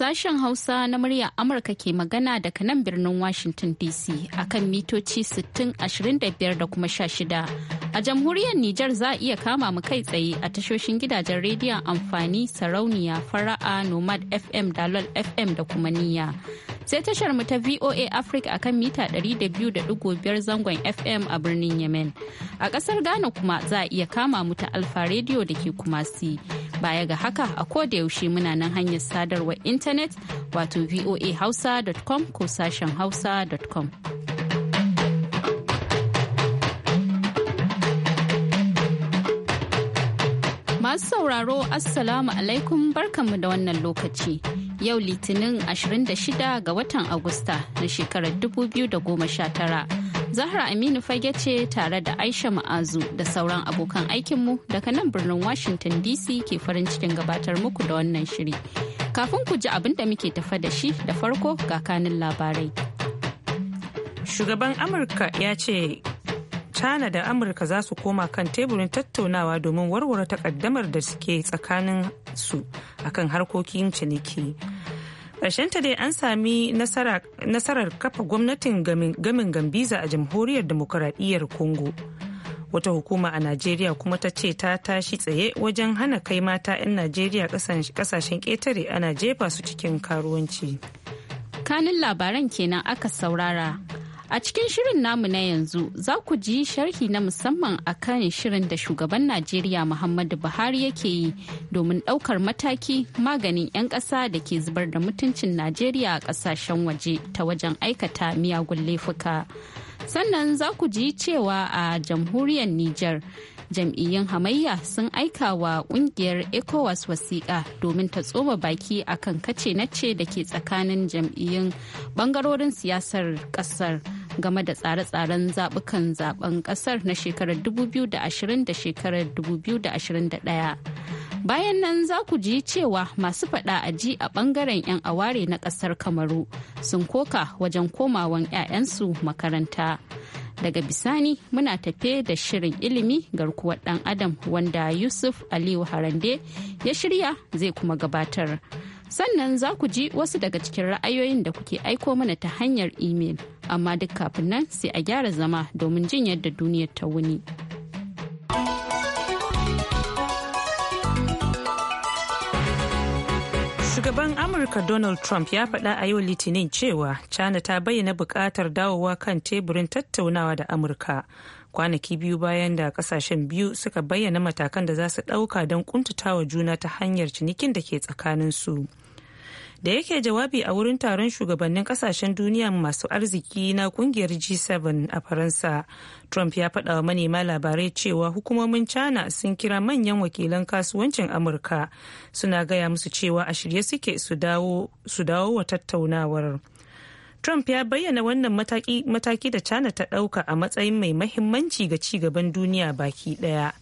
Sashen Hausa na murya Amurka ke magana daga nan birnin Washington DC akan mitoci 25 da kuma 16. A jamhuriyar Nijar za a iya kama mu kai tsaye a tashoshin gidajen rediyon amfani sarauniya fara'a Nomad FM Dalol FM da kuma niyya. Sai tashar mu ta VOA Africa akan mita 200.5 zangon FM a birnin Yemen. A ƙasar Ghana kuma za a iya kama mu ta Alfa rediyo da ke Kumasi. Baya ga haka a koda yaushe muna nan hanyar sadarwar intanet wato voahausa.com ko sashen hausa.com. Masu sauraro Assalamu alaikum barkanmu da wannan lokaci. Yau Litinin 26 ga watan Agusta na shekarar 2019. Zahra Aminu fage ce tare da Aisha Ma'azu da sauran abokan aikinmu daga nan birnin Washington DC ke farin cikin gabatar muku da wannan shiri. Kafin ku ji abin da muke tafa da shi da farko ga kanin labarai. Shugaban Amurka ya ce china da amurka za su koma kan teburin tattaunawa domin warware takaddamar da suke tsakanin su akan harkokin ciniki ta dai an sami nasarar kafa gwamnatin gamin gambiza a jamhuriyar demokuraɗiyyar congo wata hukuma a najeriya kuma ta ce ta tashi tsaye wajen hana kai mata 'yan najeriya kasashen ƙetare ana jefa su cikin karuwanci kanin labaran kenan aka saurara A cikin shirin namu na yanzu za ku ji sharhi na musamman a kan shirin da shugaban Najeriya Muhammadu Buhari yake yi domin ɗaukar mataki maganin 'yan ƙasa da ke zubar da mutuncin Najeriya a ƙasashen waje ta wajen aikata miyagun laifuka. Sannan za ku ji cewa a jamhuriyar Nijar. jam'iyyun hamayya sun aika wa kungiyar ecowas wasiƙa domin ta tsoma baki akan kace nace da ke tsakanin jam'iyyun bangarorin siyasar ƙasar. game da tsare-tsaren zaɓukan zaben ƙasar na shekarar 2020 da shekarar 2021. Bayan nan za ku ji cewa masu faɗa a ji a ɓangaren 'yan aware na ƙasar Kamaru sun koka wajen komawan 'ya'yansu makaranta. Daga bisani muna tafe da shirin ilimi garkuwar ɗan adam wanda Yusuf Aliyu Harande ya shirya zai kuma gabatar. sannan za ku ji wasu daga cikin ra'ayoyin da kuke aiko mana ta hanyar imel amma duk kafin nan sai a gyara zama domin jin yadda duniyar ta wuni. Shugaban Amurka Donald Trump ya faɗa a yau Litinin cewa China ta bayyana buƙatar dawowa kan teburin tattaunawa da Amurka kwanaki biyu bayan da kasashen biyu suka bayyana matakan da za su ɗauka don kuntatawa juna ta hanyar cinikin da ke tsakanin su Da yake jawabi a wurin taron shugabannin kasashen duniya masu arziki na kungiyar G7 a Faransa, Trump ya faɗa wa manema labarai cewa hukumomin China sun kira manyan wakilan kasuwancin Amurka suna gaya musu cewa a shirye suke su dawo wa tattaunawar. Trump ya bayyana wannan mataki, mataki da China ta ɗauka a matsayin mai mahimmanci ga ci gaban duniya baki ɗaya.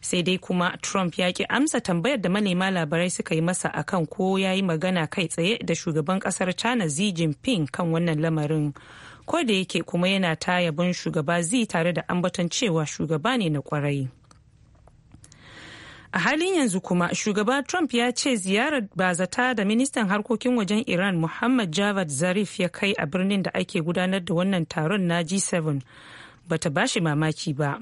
Sai dai kuma Trump ya ki amsa tambayar da manema labarai suka yi masa akan ko ya yi magana kai tsaye da shugaban kasar China Xi Jinping kan wannan lamarin. Ko da yake kuma yana ta yabon shugaba Xi tare da ambaton cewa shugaba ne na kwarai. a halin yanzu kuma shugaba trump ya ce ziyarar bazata da ministan harkokin wajen iran muhammad javad zarif ya kai a birnin da ake gudanar da wannan taron na g7 bata bashi mamaki ba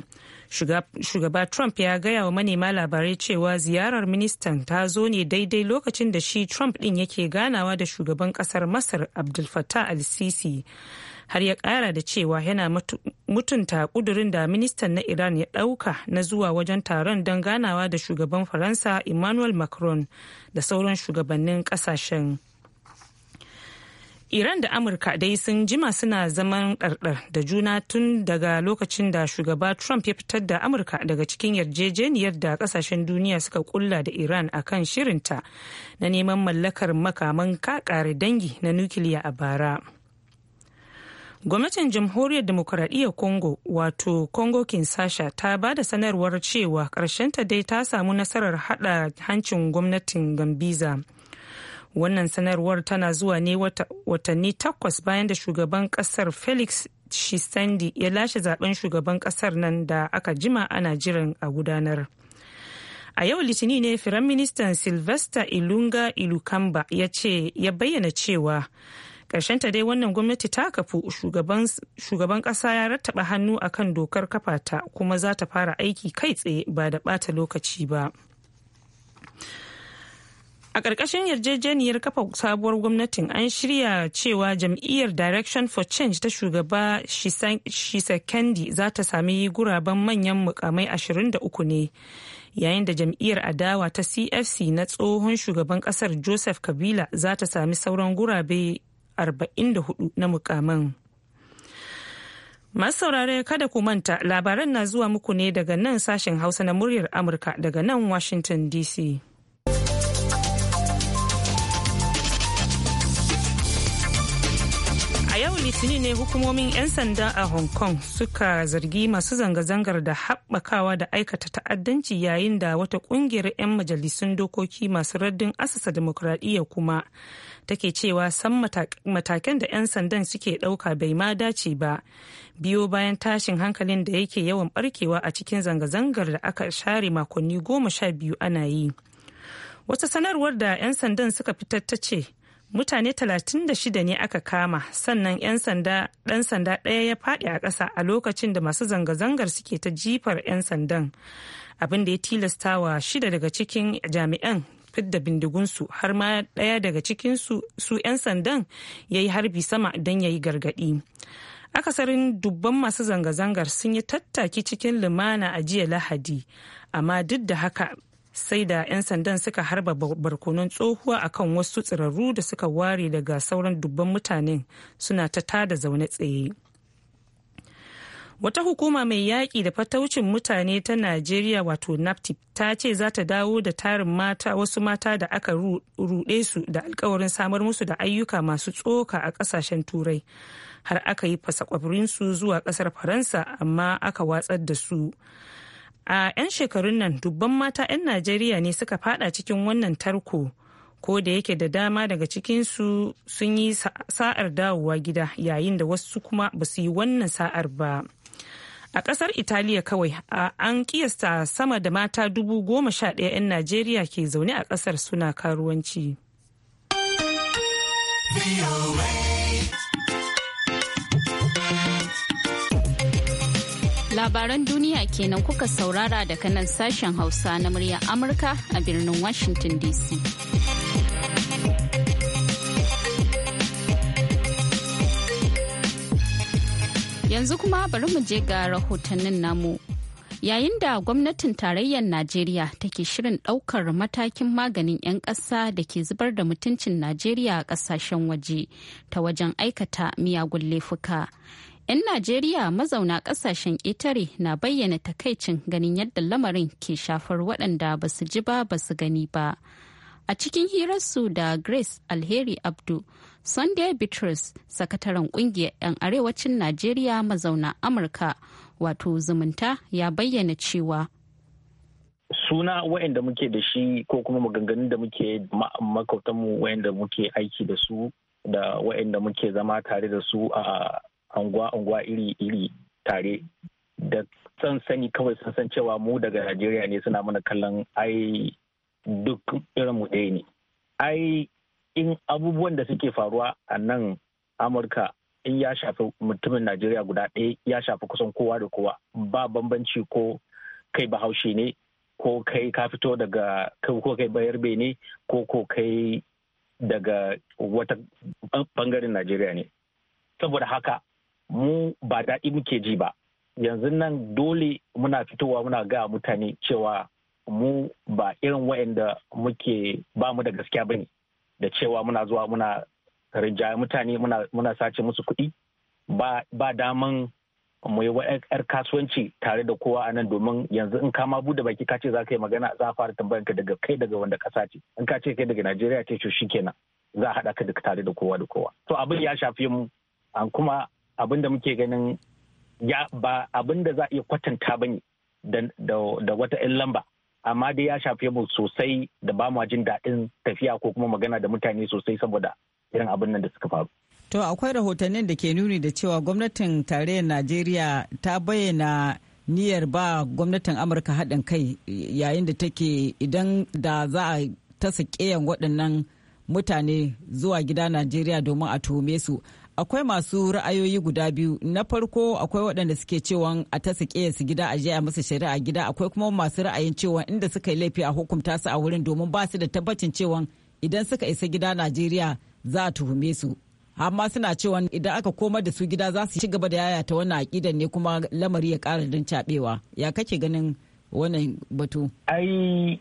shugaba trump ya gaya wa manema labarai cewa ziyarar ministan ta zo ne daidai lokacin da shi trump din yake ganawa da shugaban kasar masar abdul fattah al-sisi har ya kara da cewa yana mutunta kudurin da ministan na iran ya dauka na zuwa wajen taron don ganawa da shugaban faransa emmanuel macron da sauran shugabannin kasashen iran da amurka dai sun jima suna zaman ɗarɗar da juna tun daga lokacin da shugaba trump ya fitar da amurka daga cikin yarjejeniyar da kasashen duniya suka kulla da iran a kan shirinta na neman mallakar makaman kakare dangi na nukiliya a bara. gwamnatin jamhuriyar demokuraɗiyyar congo wato congo kinsasha ta ba da sanarwar cewa ta dai ta samu nasarar hada hancin gwamnatin gambiza wannan sanarwar tana zuwa ne watanni takwas bayan da shugaban ƙasar felix shisandi ya lashe zaben shugaban ƙasar nan da aka jima ana jiran a gudanar a yau litini ne firaministan sylvester ilunga ilukamba ya ce ya bayyana cewa ta dai wannan gwamnati ta kafu shugaban kasa ya rattaba hannu akan dokar kafata kuma za ta fara aiki kai tsaye ba da bata lokaci ba. A ƙarƙashin yarjejeniyar kafa sabuwar gwamnatin an shirya cewa jam'iyyar Direction for Change ta shugaba Shisekendi za ta sami guraben manyan mukamai 23 ne. Yayin da jam'iyyar adawa ta CFC na tsohon shugaban ƙasar Joseph Kabila za ta sami sauran gurabe 44 na mukamin. Masu saurare kada ku manta labaran na zuwa muku ne daga nan sashen Hausa na muryar Amurka daga nan Washington DC. A yau litini ne hukumomin 'yan sanda a Hong Kong suka zargi masu zanga-zangar da haɓakawa da aikata ta'addanci yayin da wata ƙungiyar 'yan majalisun dokoki masu raddin asasa demokradiyya kuma take cewa san matakan da 'yan sandan suke ɗauka bai ma dace ba biyo bayan tashin hankalin da yake yawan barkewa a cikin zanga-zangar da aka share makonni goma sha biyu ana yi wata sanarwar da 'yan sandan suka fitar ta ce mutane 36 ne aka kama sannan 'yan sanda ɗan sanda ɗaya ya faɗi a ƙasa a lokacin da masu zanga-zangar suke ta jifar 'yan sandan abin da ya tilastawa shida daga cikin jami'an fidda bindigunsu har ma ɗaya daga cikinsu su 'yan sandan ya yi harbi sama don ya yi gargaɗi. akasarin dubban masu zanga-zangar sun yi tattaki cikin lumana a jiya lahadi amma duk da haka sai da 'yan sandan suka harba barkonon tsohuwa akan wasu tsirarru da suka ware daga sauran dubban mutanen suna ta tada zaune tsaye. wata hukuma mai yaƙi da fataucin mutane ta najeriya wato naptip ta ce za ta dawo da tarin mata wasu mata da aka ruɗe su da alkawarin samar musu da ayyuka masu tsoka a ƙasashen turai har aka yi su zuwa ƙasar faransa amma aka watsar da su a 'yan shekarun nan dubban mata 'yan najeriya ne suka fada cikin wannan tarko ko da yake da dama daga cikinsu sun yi sa'ar dawowa gida yayin da wasu kuma ba su yi wannan sa'ar ba. a kasar italiya kawai an kiyasta sama da mata dubu goma sha ɗaya 'yan najeriya ke zaune a kasar suna karuwanci labaran duniya kenan kuka saurara daga nan sashen hausa na murya amurka a birnin washington dc Yanzu kuma bari mu je ga rahotannin namu. Yayin da gwamnatin tarayyar Najeriya take shirin daukar matakin maganin 'yan ƙasa da ke zubar da mutuncin Najeriya a ƙasashen waje ta wajen aikata miyagun laifuka. 'Yan Najeriya mazauna ƙasashen ƙetare na bayyana takaicin ganin yadda lamarin ke shafar waɗanda ba su ji ba ba su gani ba. A cikin hirarsu da Grace Alheri Abdu, sunday beatrice sakataren kungiyar 'yan arewacin najeriya mazauna amurka wato zumunta ya bayyana cewa suna waɗanda muke da shi ko kuma maganganun da muke makwabtanmu waɗanda muke aiki da su da waɗanda muke zama tare da su a anguwa-anguwa iri-iri tare da san sani kawai sun san cewa mu daga najeriya ne suna mana kallon ai duk mu ɗaya ne ai in abubuwan da suke faruwa a nan amurka in ya shafi mutumin najeriya guda ɗaya ya shafi kusan kowa da kowa ba bambanci ko kai bahaushe ne ko kai ka fito daga ko kai bayar ne ko ko kai daga wata bangaren najeriya ne saboda haka mu ba daɗi muke ji ba yanzu nan dole muna fitowa muna ga mutane cewa mu ba irin waɗanda muke ba mu da gaskiya ba ne da cewa muna zuwa muna rinjaye mutane muna sace musu kuɗi ba daman mu yi yar kasuwanci tare da kowa a nan domin yanzu in kama bude baki ka ce za ka yi magana za a fara tambayar ka daga kai daga wanda kasa ce in ka ce kai daga najeriya ce to shikenan za a haɗa ka daga tare da kowa da kowa to abin ya shafi mu an kuma abin da muke ganin ya ba abin da za a iya kwatanta ba ne da wata 'yan lamba amma dai ya shafe mu sosai da ba mu jin daɗin tafiya ko kuma magana da mutane sosai saboda irin abin nan da suka faru. To akwai rahotannin da ke nuni da cewa gwamnatin tarayyar Najeriya ta bayyana niyyar ba gwamnatin Amurka haɗin kai yayin da take idan da za a ta sakeyan waɗannan mutane zuwa gida Najeriya domin a tuhume su. akwai masu ra'ayoyi guda biyu na farko akwai waɗanda suke cewa a ta sake su gida a je a musu shari'a gida akwai kuma masu ra'ayin cewa inda suka yi laifi a hukunta su a wurin domin ba su da tabbacin cewa idan suka isa gida Najeriya za a tuhume su amma suna cewa idan aka komar da su gida za su ci gaba da yaya yayata wannan aƙidan ne kuma lamari ya ƙara don caɓewa ya kake ganin wannan batu ai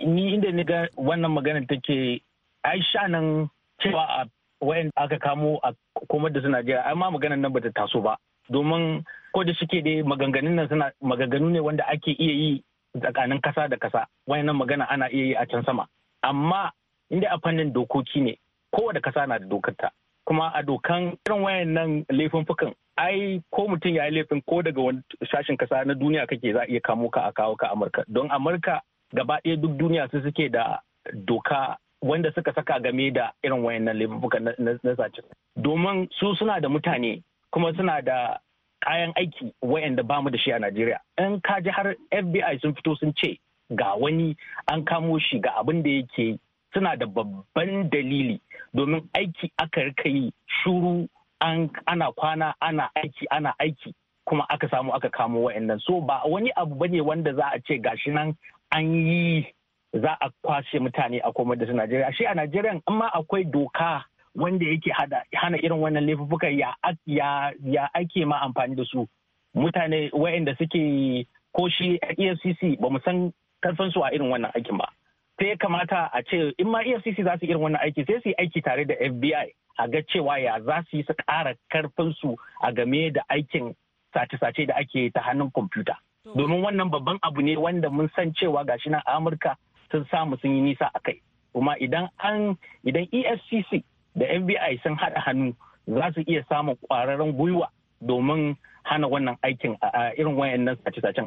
ni inda ni ga wannan maganar take ai shanan cewa a wayan aka kamo a komar da su Najeriya ai ma maganar nan ba ta taso ba domin ko da shike dai maganganun nan suna maganganu ne wanda ake iya yi tsakanin kasa da kasa wayannan magana ana iya yi a can sama amma inda a fannin dokoki ne kowace kasa na da dokarta kuma a dokan irin wayannan fukan. ai ko mutum ya yi laifin ko daga wani sashen kasa na duniya kake za a iya kamo ka a kawo ka amurka don amurka gaba ɗaya duk duniya su suke da doka wanda suka saka game da irin wayannan laifuka na sace domin su suna da mutane kuma suna da kayan aiki wayanda ba mu da shi a Najeriya in ka ji har FBI sun fito sun ce ga wani an kamo shi ga abin da yake suna da babban dalili domin aiki aka rika yi shuru ana kwana ana aiki ana aiki kuma aka samu aka kamo wayannan so ba wani abu bane wanda za a ce gashi nan an yi za a kwashe mutane a komar da su Najeriya. Shi a Najeriya ma akwai doka wanda yake hana irin wannan laifuka ya ake ma amfani da su. Mutane waɗanda suke ko shi EFCC ba mu san karfin su a irin wannan aikin ba. Sai kamata a ce in ma EFCC za su irin wannan aiki sai su yi aiki tare da FBI a ga cewa ya za su yi su ƙara karfin su a game da aikin sace-sace da ake ta hannun kwamfuta. Domin wannan babban abu ne wanda mun san cewa gashi na Amurka sun samu sun yi nisa a kai kuma idan an idan efcc da fbi sun haɗa hannu za su iya samun ƙwararren gwiwa domin hana wannan aikin a irin wayannan sace-sacen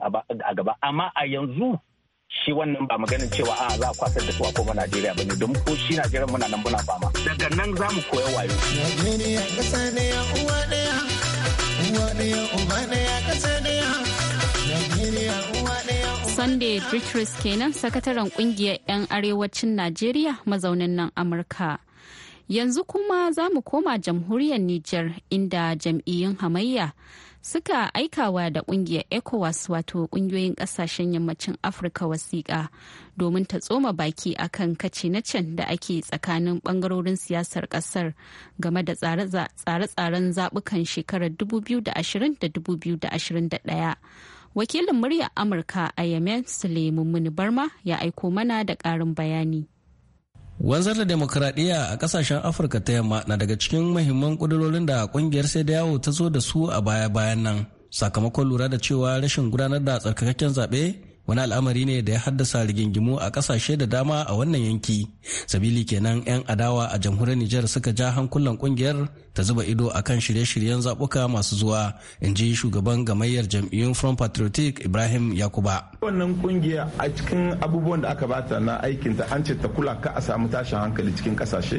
a gaba amma a yanzu shi wannan ba maganin cewa a za a kwasar da tuwa kuma Najeriya ba ne don ko shi Najeriya muna nan muna fama daga nan za mu koya wayo. Yeah. Sunday Dritris kenan sakataren kungiyar 'yan arewacin Najeriya mazaunin nan Amurka. Yanzu kuma za mu koma jamhuriyar Nijar inda jam'iyyun hamayya suka aikawa da kungiyar ECOWAS wato kungiyoyin kasashen yammacin Afirka wasiƙa domin ta tsoma baki akan kace na can da ake tsakanin bangarorin siyasar ƙasar game da tsare-tsaren zaɓukan shekarar 2020 da 2021. wakilin muryar amurka a yemen suleiman barma ya aiko mana da karin bayani wanzar da demokuraɗiyya a ƙasashen afirka ta yamma na daga cikin mahimman ƙudurorin da ƙungiyar sai da yawo ta zo da su a baya-bayan nan sakamakon lura da cewa rashin gudanar da tsarkakakken zaɓe wani al'amari ne da ya haddasa rigingimu a kasashe da dama a wannan yanki sabili kenan 'yan adawa a jamhuriyar nijar suka ja hankulan kungiyar ta zuba ido a kan shirye-shiryen zabuka masu zuwa in ji shugaban gamayyar jam'iyyun front patriotic ibrahim yakuba wannan kungiya a cikin abubuwan da aka bata na aikinta an ce ta kula ka a samu tashin hankali cikin kasashe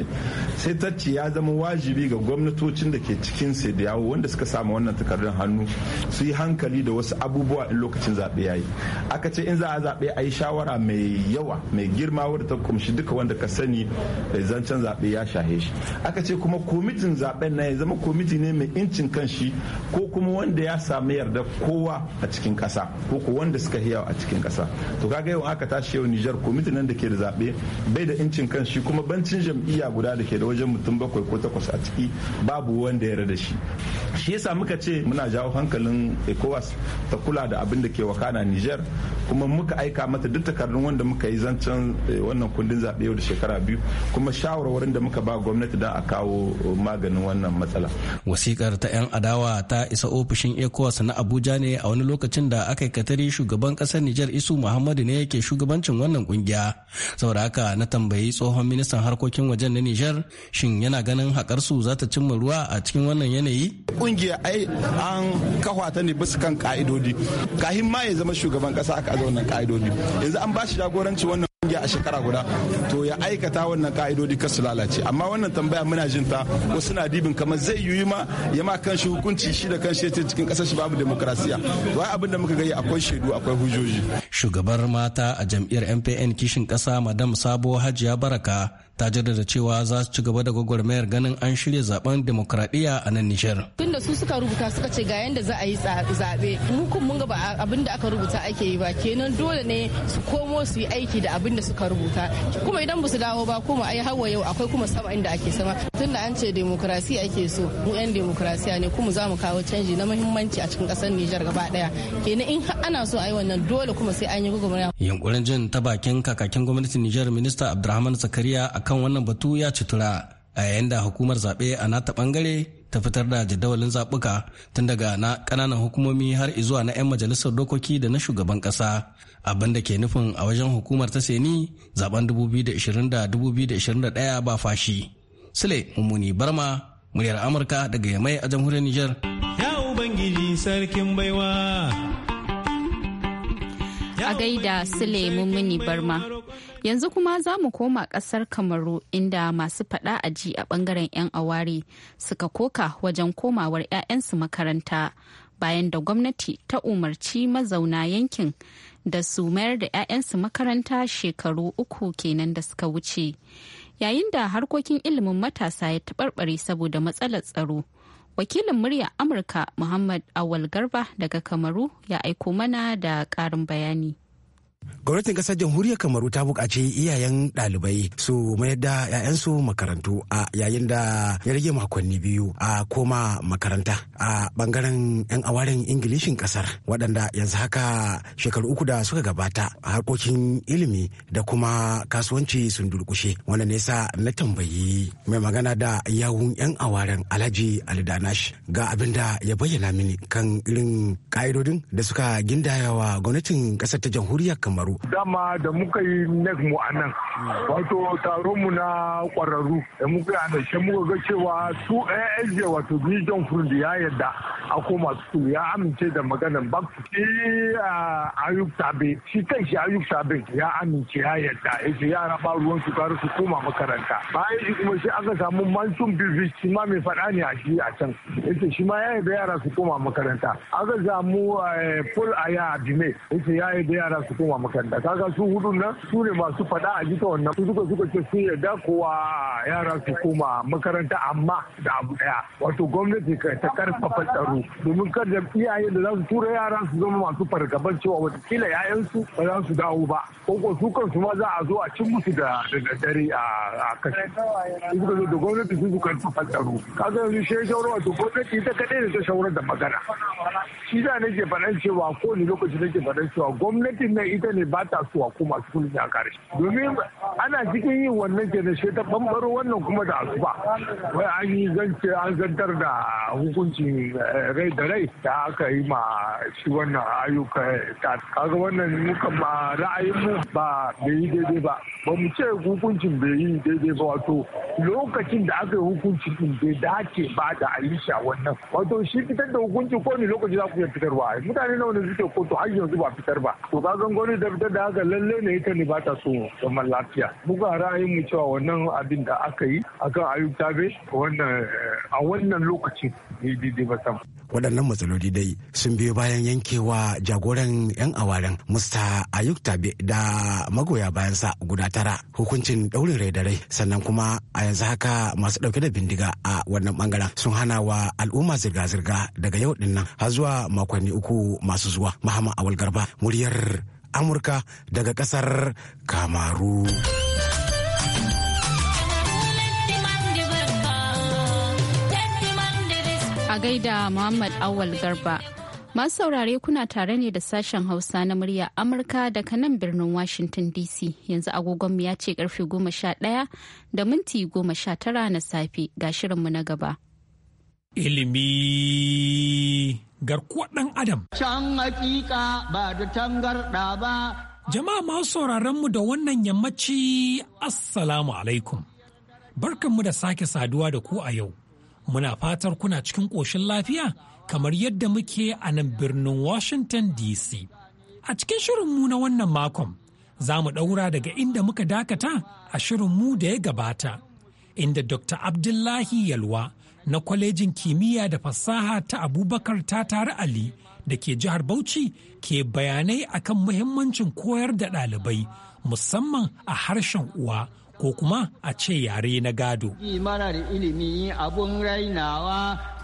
sai ta ce ya zama wajibi ga gwamnatocin da ke cikin sai da yawo wanda suka samu wannan takardun hannu su yi hankali da wasu abubuwa in lokacin zaɓe ya yi aka ce sai in za a zaɓe a yi shawara mai yawa mai girma wadda ta kumshi duka wanda ka sani eh, zancen zaɓe ya shahe shi aka ce kuma komitin zaɓen na ya zama komiti ne mai incin kanshi ko kuma wanda ya sami yarda kowa a cikin ƙasa ko ko wanda suka yawa a cikin ƙasa to kaga yau aka tashi yau Nijar komitin nan da ke da zaɓe bai da incin kan kanshi kuma bancin jam'iyya guda da ke da wajen mutum bakwai ko takwas a ciki babu wanda ya da shi shi yasa muka ce muna jawo hankalin ECOWAS ta kula da abin da ke wakana Nijar kuma muka aika mata duk takardun wanda muka yi zancen eh, wannan kundin zaɓe yau da shekara biyu kuma shawarwarin da muka ba gwamnati don a kawo eh, maganin wannan matsala. Wasikar ta 'yan adawa ta isa ofishin ECOWAS na Abuja ne a wani lokacin da aka katari shugaban ƙasar Nijar Isu Muhammadu ne yake shugabancin wannan kungiya. Saboda haka na tambayi tsohon ministan harkokin wajen na Nijar shin yana ganin haƙar su za ta cimma ruwa a cikin wannan yanayi? Kungiya ai an kafa ta ne bisa kan ka'idodi. Kahin ma ya zama shugaban ƙasa aza wannan ka'idodi yanzu an ba shi jagoranci wannan kungiya a shekara guda to ya aikata wannan ka'idodi su lalace amma wannan tambaya muna jin ta wasu na dibin kamar zai yiwu ma ya ma kanshi hukunci shi da kanshi yace cikin kasar shi babu demokrasiya wai abin da muka gani akwai shaidu akwai hujoji shugabar mata a jam'iyyar MPN kishin kasa madam Sabo Hajiya Baraka ta jaddada cewa za su ci gaba da gwagwarmayar ganin an shirya zaben demokradiyya a nan Nijar. Tunda su suka rubuta suka ce ga yanda za a yi zabe mu kun mun ga ba abin da aka rubuta ake yi ba kenan dole ne su komo su yi aiki da abin da suka rubuta kuma idan ba su dawo ba kuma ai hawa yau akwai kuma sama inda ake sama tunda an ce demokrasi ake so mu yan demokrasiya ne kuma za mu kawo canji na muhimmanci a cikin kasar Nijar gaba daya kenan in ana so a yi wannan dole kuma sai an yi gwagwarmaya. Yankurin jin ta bakin kakakin gwamnatin Nijar minista Abdulrahman Zakariya akan wannan batu ya citura a yayin da hukumar zaɓe a nata ɓangare ta fitar da jadawalin zaɓuka tun daga na ƙananan hukumomi har zuwa na 'yan majalisar dokoki da na shugaban ƙasa abin da ke nufin a wajen hukumar ta seni zaben 2020 2021 ba fashi sule mummuni barma muryar amurka daga yamai a jamhuriyar nijar. ya ubangiji sarkin baiwa a gaida su mini barma. Yanzu kuma za mu koma ƙasar Kamaru inda masu faɗa a ji a ɓangaren 'yan aware suka koka wajen komawar 'ya'yansu makaranta bayan da gwamnati ta umarci mazauna yankin da su mayar da 'ya'yansu makaranta shekaru uku kenan da suka wuce. Yayin da harkokin ilimin matasa ya taɓarɓare saboda matsalar tsaro. wakilin murya amurka muhammad awal garba daga kamaru ya aiko mana da ƙarin bayani gwamnatin ƙasar jamhuriyar kamaru ta buƙaci iyayen ɗalibai su mayar da 'ya'yansu makarantu a yayin da ya rage makonni biyu a koma makaranta a ɓangaren 'yan awarin ingilishin ƙasar. waɗanda yanzu haka shekaru uku da suka gabata harkokin ilimi da kuma kasuwanci sun durkushe wanda nesa na tambayi mai magana da yawun 'yan awarin alhaji alidanash ga abin da ya bayyana mini kan irin ƙa'idodin da suka gindaya wa gwamnatin ƙasar ta jamhuriyar kamaru dama da muka yi nek mu a nan wato taron mu na kwararru da muka yi a nan shan muka ga cewa su asj wato dijon furundi ya yadda a koma su ya amince da maganan ba shi ayub sabe shi kan shi ayub sabe ya amince ya yadda ce yara ba ruwan su kare su koma makaranta bayan shi kuma shi aka samu mansum bibi shi ma mai faɗa ne a shi a can ce shi ma ya yadda yara su koma makaranta aka samu eh, Paul aya abime ce ya yadda yara su koma makaranta kaga su hudun nan su ne masu fada a jika wannan su suka suka ce su yarda kowa yara su koma makaranta amma da abu daya wato gwamnati ta karfafa tsaro domin kar da iyaye da za su tura yara su zama masu fargaban cewa watakila yayansu ba za su dawo ba ko ko su kansu ma za a zo a cin musu da dare a kashe su suka zo da gwamnati su suka karfafa tsaro kaga yanzu shi ya shawara wato gwamnati ita kadai da ta shawara da magana shi da nake faɗan cewa ko ne lokaci nake faɗan cewa gwamnatin nan ita ne ba ta su a koma su a kare domin ana cikin yin wannan kenan shi ta bambaro wannan kuma da asuba wai an yi zance an zantar da hukuncin eh, rai da rai da aka yi ma shi wannan ayyuka ta kaga wannan muka ma ra'ayin mu ba bai yi daidai ba ba mu ce hukuncin bai yi daidai ba wato lokacin da aka yi hukuncin din bai dace ba da alisha wannan wato shi fitar da hukunci ko ne lokaci za ku iya fitarwa mutane nawa ne suke kotu har yanzu ba fitar ba to kaga gwamnati tabbatar da haka lalle ne ita ne ba ta so zaman lafiya buga ra'ayin mu cewa wannan abin da aka yi akan ayub tabe wannan eh, a wannan lokacin ne ba waɗannan matsaloli dai sun biyo bayan yankewa jagoran 'yan awaren musta ayuk tabe da magoya bayansa guda tara hukuncin ɗaurin rai da rai sannan kuma a yanzu haka masu ɗauke da bindiga a wannan bangaren sun hana wa al'umma zirga-zirga daga yau ɗin nan har zuwa makonni uku masu zuwa mahama awal garba muryar amurka daga kasar kamaru a gaida muhammad awal garba masu saurare kuna tare ne da sashen hausa na murya amurka daga nan birnin washington dc yanzu agogonmu ya ce karfe goma sha ɗaya da minti goma sha tara na safe ga shirinmu na gaba ilimi garkuwar ɗan adam. Can hakika ba da tangarɗa ba. Jama'a masu sauraron mu da wannan yammaci Assalamu alaikum. Barkanmu da sake saduwa da ku a yau. Muna fatar kuna cikin ƙoshin lafiya kamar yadda muke a nan birnin Washington DC. A cikin shirinmu na wannan makon, za mu ɗaura daga inda muka dakata a shirin mu da ya gabata. inda Dr. Abdullahi Yalwa na kwalejin kimiyya da fasaha ta Abubakar Tatar Ali da ke jihar Bauchi ke bayanai akan muhimmancin koyar da ɗalibai musamman a harshen uwa ko kuma a ce yare na gado. ilimi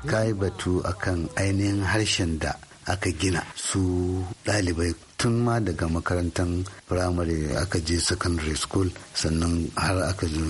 Kai batu akan ainihin harshen da aka gina su ɗalibai tun ma daga makarantar firamare aka je secondary school sannan har aka zo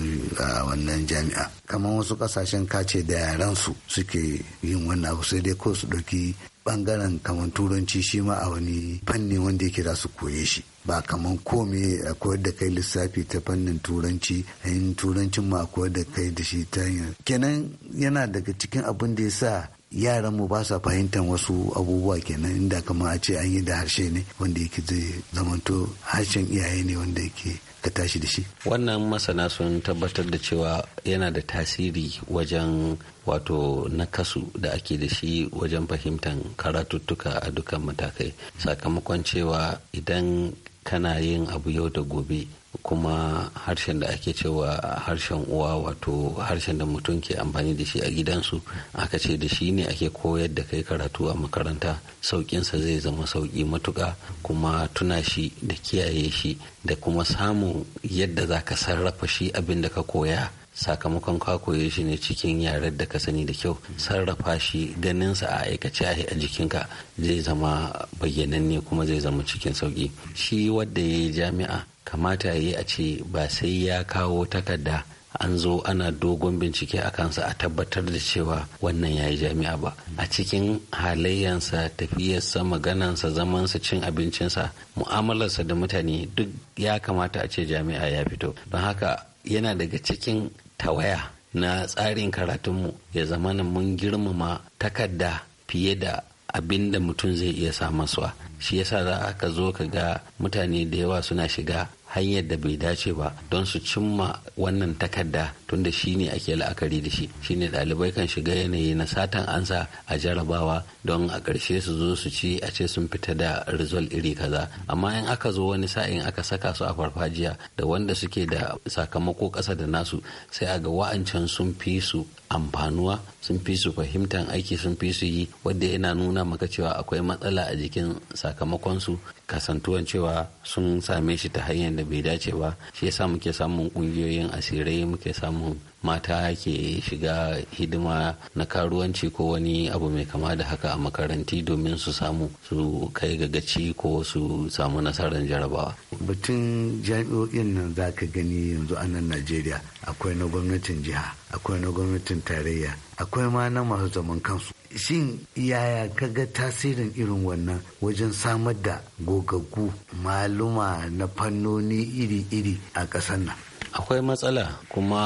a wannan jami'a kamar wasu ƙasashen kace da yaran su suke yin wannan abu sai dai ko su ɗauki bangaren kamar turanci shi ma a wani fanni wanda yake za su koye shi ba kamar kome a koyar da kai lissafi ta fannin turanci yin turancin ma a koyar da kai da shi ta hanyar kenan yana daga cikin abin da ya sa yaran mu ba sa fahimtar wasu abubuwa kenan inda kama a ce an yi da harshe ne wanda yake zai zamanto harshen iyaye ne wanda yake ka tashi da shi wannan masana sun tabbatar da cewa yana da tasiri wajen wato nakasu da ake da shi wajen fahimtar karatuttuka a dukkan matakai sakamakon cewa idan kana yin abu yau da gobe kuma harshen da ake cewa harshen uwa wato harshen da mutum ke amfani da shi a gidansu aka ce da shi ne ake koyar da kai karatu a makaranta sauƙinsa zai zama sauƙi matuƙa kuma tuna shi da kiyaye shi da kuma samun yadda za ka sarrafa shi abin da ka koya sakamakon ka koye shi ne cikin yaren da ka sani da kyau sarrafa shi ganinsa a aikace a jikinka zai zama bayyananne kuma zai zama cikin sauki shi wadda ya yi jami'a kamata ya yi a ce ba sai ya kawo takarda an zo ana dogon bincike a kansa a tabbatar da cewa wannan ya yi jami'a ba a cikin halayyansa tafiyarsa maganansa zamansa cin abincinsa mu'amalarsa da mutane duk ya kamata a ce jami'a ya fito don haka yana daga cikin tawaya na tsarin karatunmu ya zama mun girmama takarda fiye da abin da mutum zai iya suwa shi yasa za ka zo ka ga mutane da yawa suna shiga hanyar da bai dace ba don su cimma wannan takarda tunda shi ne ake la'akari da shi shi ne ɗalibai kan shiga yanayi na satan ansa a jarabawa don a ƙarshe su zo su ci a ce sun fita da rizol iri kaza amma in aka zo wani sa'in aka saka su a farfajiya da wanda suke da sakamako ƙasa da nasu sai a ga wa'ancan sun fi su amfanuwa sun fi su fahimtar aiki sun fi su yi wadda yana nuna maka cewa akwai matsala a jikin sakamakonsu kasantuwan cewa sun same shi ta hanyar da bai dace ba shi yasa muke samun kungiyoyin asirai muke samun mata ke shiga hidima na karuwanci ko wani abu mai kama da haka a makaranti domin su samu su kai gagaci ko su samu nasarar jarabawa batun jami'o'in nan za ka gani yanzu a nan najeriya akwai na gwamnatin jiha akwai na gwamnatin tarayya akwai ma na masu zaman kansu shin yaya kaga tasirin irin wannan wajen samar da gogaggu maluma na fannoni iri-iri a ƙasar nan akwai matsala kuma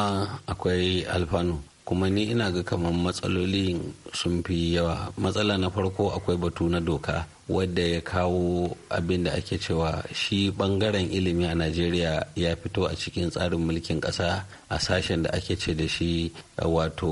akwai alfanu kuma ni ina ga kamar matsalolin sun fi yawa matsala na farko akwai batu na doka wadda ya kawo abin da ake cewa shi bangaren ilimi a najeriya ya fito a cikin tsarin mulkin ƙasa a sashen da ake ce da shi wato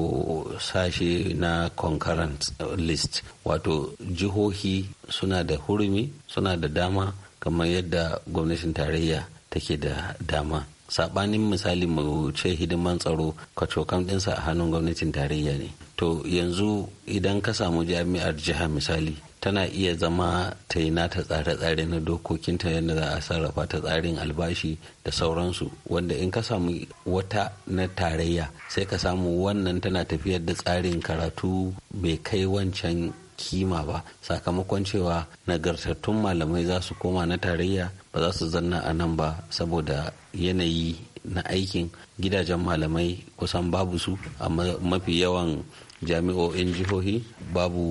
sashe na concurrent list wato jihohi suna da hurumi suna da dama kamar yadda gwamnatin tarayya take da dama sabanin misali mu ce hidiman tsaro kwacokam ɗinsa a hannun gwamnatin tarayya ne to yanzu idan ka samu jami'ar jiha misali tana iya zama ta yi nata tsare-tsare na dokokin ta yadda za a sarrafa ta tsarin albashi da sauransu wanda in ka samu wata na tarayya sai ka samu wannan tana tafiyar da tsarin karatu bai kai wancan kima ba sakamakon cewa nagartattun malamai za su koma na tarayya ba za su zanna a nan ba saboda yanayi na aikin gidajen malamai kusan babu su a mafi yawan jami'o'in jihohi babu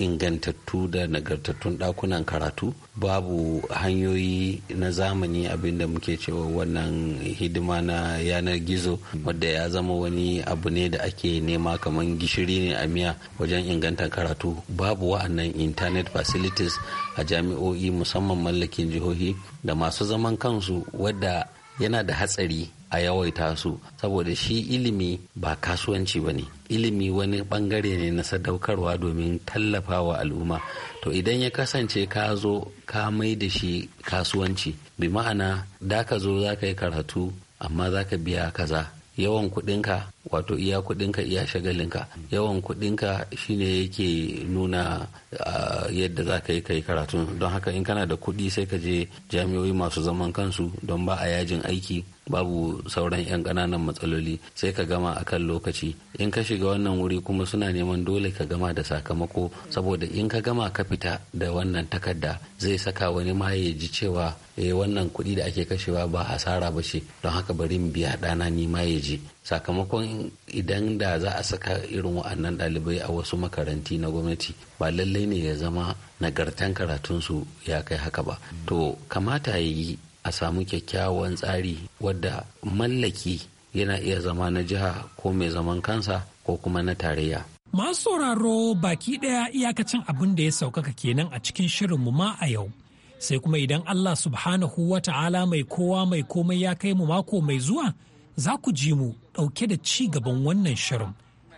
ingantattu da nagartattun ɗakunan karatu babu hanyoyi na zamani abinda muke cewa wannan hidima na yanar gizo wadda ya zama wani abu ne da ake nema kamar gishiri ne a miya wajen inganta karatu babu wa'annan internet facilities a jami'o'i musamman mallakin jihohi da masu zaman kansu wadda yana da hatsari a yawaita su saboda shi ilimi ba kasuwanci ba ne ilimi wani bangare ne na sadaukarwa domin tallafa wa al'umma to idan ya kasance ka zo ka mai da shi kasuwanci bi ma'ana da ka zo za ka yi karatu amma za ka biya kaza yawan kudinka wato iya kudinka iya shagalinka yawan kudinka shine yake nuna uh, yadda za ka yi kai karatu don haka in kana da kudi sai ka je jami'oi masu zaman kansu don ba a yajin aiki babu sauran 'yan kananan matsaloli sai ka gama a kan lokaci in ka shiga wannan wuri kuma suna neman dole ka gama da sakamako saboda in ka gama ka fita da wannan takarda zai saka wani ma ya ji cewa eh wannan kuɗi da ake kashewa ba asara ba ce don haka bari mu biya ɗana ni ma ya je sakamakon idan da za a saka irin wa'annan ɗalibai a wasu makaranti na gwamnati ba lallai ne ya zama nagartan karatunsu ya kai haka ba to kamata ya yi a samu kyakkyawan tsari wadda mallaki yana iya zama na jiha ko mai zaman kansa ko kuma na tarayya. Masu sauraro baki ɗaya iyakacin abin da ya saukaka kenan a cikin shirin mu ma a yau. Sai kuma idan Allah subhanahu wa ta'ala mai kowa mai komai ya kai mu mako mai zuwa za ku ji mu ɗauke da ci gaban wannan shirin.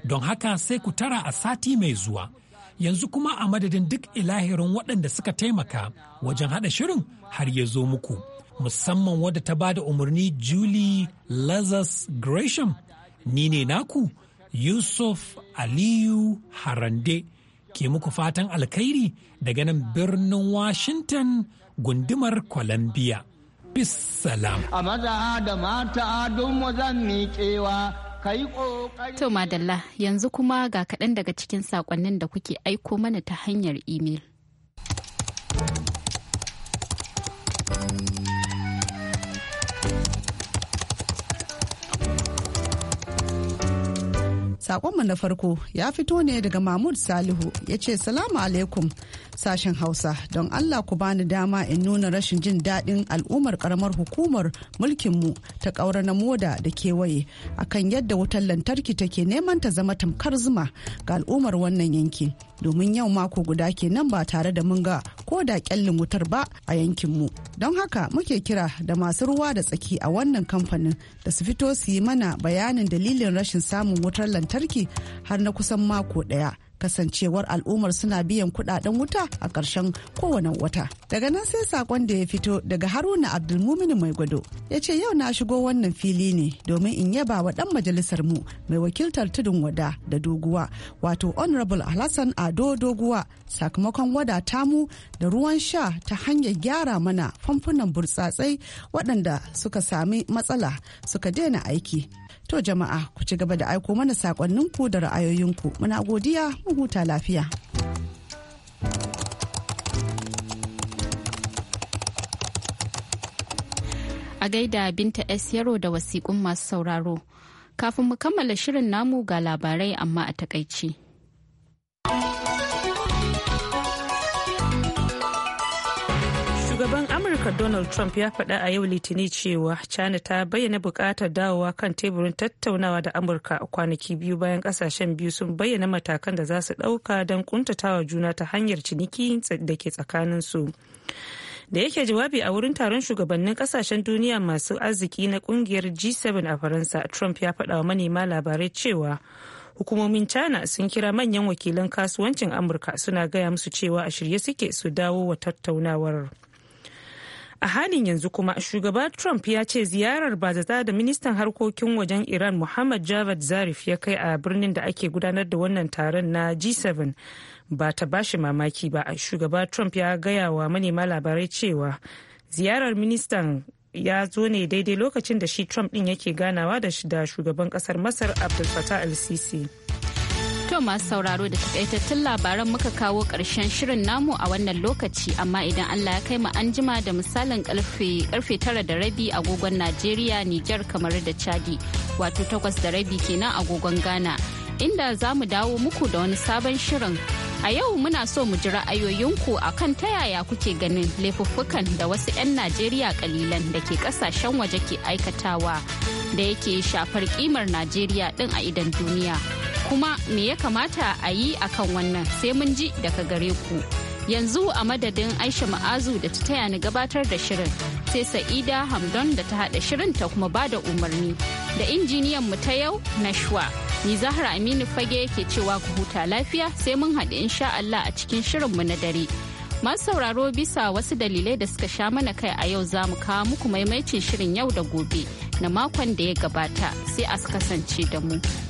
Don haka sai ku tara a sati mai zuwa. yanzu kuma a madadin duk ilahirin waɗanda suka taimaka wajen haɗa shirin har ya zo muku musamman wadda ta bada umarni Julie Lazarus Gresham, ni ne naku Yusuf Aliyu Harande ke muku fatan alkhairi daga nan birnin Washington gundumar Columbia. Bissalam. A maza da mata don wazan miƙewa To Madalla yanzu kuma ga kaɗan daga cikin saƙonnin da kuke aiko mana ta hanyar imel. Sakonmu na farko ya fito ne daga Mahmud Salihu ya ce Salamu alaikum sashen Hausa don Allah ku bani dama in nuna rashin jin daɗin al'ummar karamar hukumar mulkinmu ta ƙaura na moda da kewaye akan yadda wutar lantarki take neman ta zama tamkar zuma ga al'ummar wannan yankin domin yau mako guda ke nan ba tare da mun ga ko da kyallin wutar ba a yankinmu don haka muke kira da masu ruwa da tsaki a wannan kamfanin da su fito su yi mana bayanin dalilin rashin samun wutar lantarki har na kusan mako daya kasancewar al'ummar suna biyan kudaden wuta a ƙarshen kowane wata daga nan sai sakon da ya fito daga haruna abdulmumin mai gwado ya ce yau na shigo wannan fili ne domin in yaba wa dan majalisar mu mai wakiltar tudun wada da doguwa wato honorable alhassan ado doguwa sakamakon wada tamu da ruwan sha ta hanyar gyara mana famfunan burtsatsai waɗanda suka sami matsala suka daina aiki To jama'a ku ci gaba da aiko mana sakonninku da ra'ayoyinku muna godiya mu huta lafiya. A gaida Binta S Yaro da wasiƙun masu sauraro. Kafin mu kammala shirin namu ga labarai amma a takaici. amurka donald trump ya faɗa a yau litinin cewa china ta bayyana buƙatar dawowa kan teburin tattaunawa da amurka kwanaki biyu bayan ƙasashen biyu sun bayyana matakan da za su ɗauka don ƙuntatawa juna ta hanyar ciniki da ke tsakaninsu da yake jawabi a wurin taron shugabannin kasashen duniya masu arziki na kungiyar g7 a faransa trump ya faɗa wa manema labarai cewa hukumomin china sun kira manyan wakilan kasuwancin amurka suna gaya musu cewa a shirye suke su dawo wa tattaunawar a halin yanzu kuma shugaba trump ya ce ziyarar bazata da ministan harkokin wajen iran muhammad javad zarif ya kai a birnin da ake gudanar da wannan taron na g7 ba ta bashi mamaki ba shugaba trump ya gaya wa manema labarai cewa ziyarar ministan ya zo ne daidai lokacin da shi trump din yake ganawa da shugaban kasar masar abdul fattah al-sisi To masu sauraro da takaitattun labaran muka kawo ƙarshen shirin namu a wannan lokaci amma idan Allah ya kai mu an jima da misalin karfe tara da rabi agogon Najeriya, Nijar kamar da Chadi wato takwas da rabi kenan agogon Ghana inda za mu dawo muku da wani sabon shirin. A yau muna so mu ji ra'ayoyinku a kan ta yaya kuke ganin laifuffukan da wasu 'yan Najeriya kalilan da ke kasashen waje ke aikatawa da yake shafar kimar Najeriya din a idan duniya. kuma me ya kamata a yi akan wannan sai mun ji daga gare ku yanzu a madadin aisha ma'azu da ta taya ni gabatar da shirin sai sa'ida Hamdan da ta haɗa shirin ta kuma da umarni da injiniyan mu ta yau nashwa ni zahra aminu fage yake cewa ku huta lafiya sai mun haɗu insha allah a cikin shirin mu na dare masu sauraro bisa wasu dalilai da suka sha mana kai a yau za mu kawo muku maimaicin shirin yau da gobe na makon da ya gabata sai a kasance da mu.